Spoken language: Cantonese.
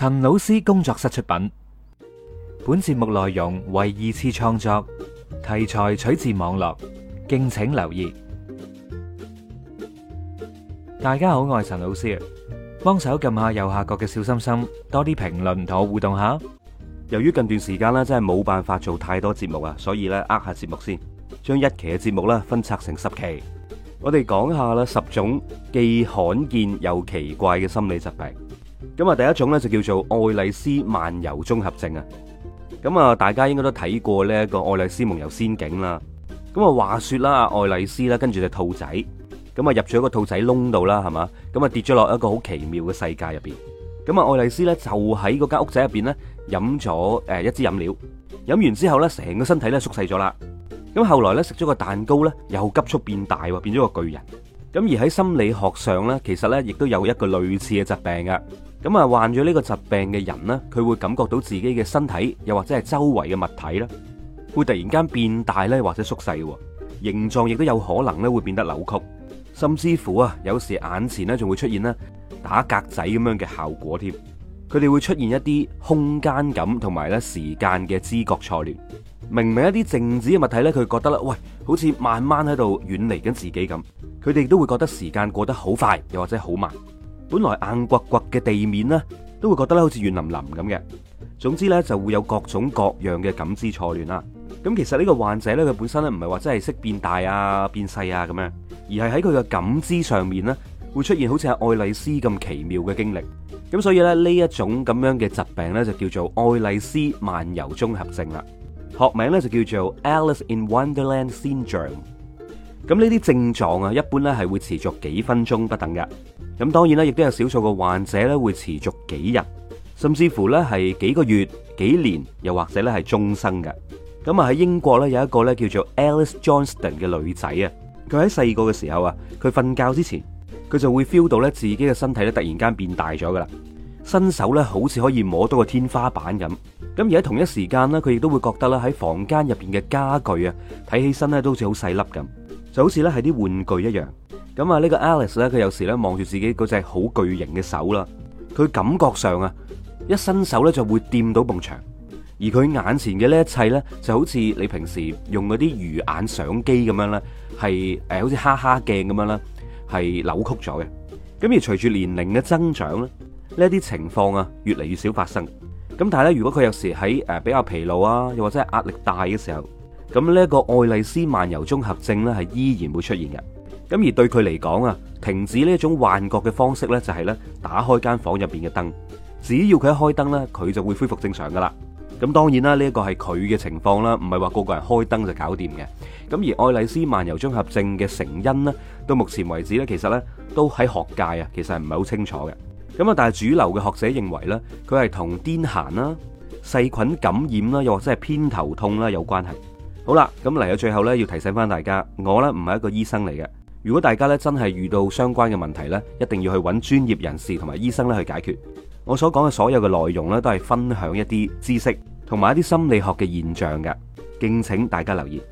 陳老師工作室出品，本節目內容為二次創作，題材取自網絡，敬請留意。大家好，我係陳老師，幫手撳下右下角嘅小心心，多啲評論同我互動下。由於近段時間真係冇辦法做太多節目啊，所以咧，呃下節目先，將一期嘅節目咧分拆成十期，我哋講下啦，十種既罕見又奇怪嘅心理疾病。咁啊，第一種咧就叫做愛麗絲漫遊綜合症啊。咁啊，大家應該都睇過呢一個《愛麗絲夢遊仙境》啦。咁啊，話說啦，阿愛麗絲啦，跟住隻兔仔咁啊，入咗一個兔仔窿度啦，係嘛？咁啊，跌咗落一個好奇妙嘅世界入邊。咁啊，愛麗絲咧就喺嗰間屋仔入邊咧飲咗誒一支飲料，飲完之後咧，成個身體咧縮細咗啦。咁後來咧食咗個蛋糕咧又急速變大，變咗個巨人。咁而喺心理學上咧，其實咧亦都有一個類似嘅疾病噶。咁啊，患咗呢個疾病嘅人呢，佢會感覺到自己嘅身體，又或者係周圍嘅物體啦，會突然間變大咧，或者縮細，形狀亦都有可能咧會變得扭曲，甚至乎啊，有時眼前呢仲會出現咧打格仔咁樣嘅效果添。佢哋會出現一啲空間感同埋咧時間嘅知覺錯亂，明明一啲靜止嘅物體呢，佢覺得啦，喂，好似慢慢喺度遠離緊自己咁，佢哋都會覺得時間過得好快，又或者好慢。本來硬掘掘嘅地面咧，都會覺得咧好似軟腍腍咁嘅。總之呢，就會有各種各樣嘅感知錯亂啦。咁其實呢個患者呢，佢本身咧唔係話真係識變大啊、變細啊咁樣，而係喺佢嘅感知上面呢，會出現好似係愛麗絲咁奇妙嘅經歷。咁所以咧呢一種咁樣嘅疾病呢，就叫做愛麗絲漫遊綜合症啦。學名呢，就叫做 Alice in Wonderland Syndrome。咁呢啲症狀啊，一般呢係會持續幾分鐘不等嘅。咁當然啦，亦都有少數個患者咧會持續幾日，甚至乎咧係幾個月、幾年，又或者咧係終生嘅。咁啊喺英國咧有一個咧叫做 Alice Johnston 嘅女仔啊，佢喺細個嘅時候啊，佢瞓覺之前，佢就會 feel 到咧自己嘅身體咧突然間變大咗噶啦，伸手咧好似可以摸到個天花板咁。咁而喺同一時間咧，佢亦都會覺得咧喺房間入邊嘅家具啊，睇起身咧都好似好細粒咁，就好似咧係啲玩具一樣。咁啊，呢個 Alice 咧，佢有時咧望住自己嗰隻好巨型嘅手啦，佢感覺上啊，一伸手咧就會掂到埲牆，而佢眼前嘅呢一切咧，就好似你平時用嗰啲魚眼相機咁樣啦係、呃、好似哈哈鏡咁樣啦係扭曲咗嘅。咁而隨住年齡嘅增長咧，呢一啲情況啊，越嚟越少發生。咁但係咧，如果佢有時喺誒比較疲勞啊，又或者係壓力大嘅時候，咁呢一個愛麗絲漫遊綜合症咧，係依然會出現嘅。咁而對佢嚟講啊，停止呢一種幻覺嘅方式呢，就係呢：打開間房入邊嘅燈。只要佢一開燈呢，佢就會恢復正常噶啦。咁當然啦，呢一個係佢嘅情況啦，唔係話個個人開燈就搞掂嘅。咁而愛麗絲漫遊綜合症嘅成因呢，到目前為止呢，其實呢都喺學界啊，其實係唔係好清楚嘅。咁啊，但係主流嘅學者認為呢，佢係同癲癇啦、細菌感染啦，又或者係偏頭痛啦有關係。好啦，咁嚟到最後呢，要提醒翻大家，我呢唔係一個醫生嚟嘅。如果大家咧真係遇到相關嘅問題咧，一定要去揾專業人士同埋醫生咧去解決。我所講嘅所有嘅內容咧都係分享一啲知識同埋一啲心理學嘅現象嘅，敬請大家留意。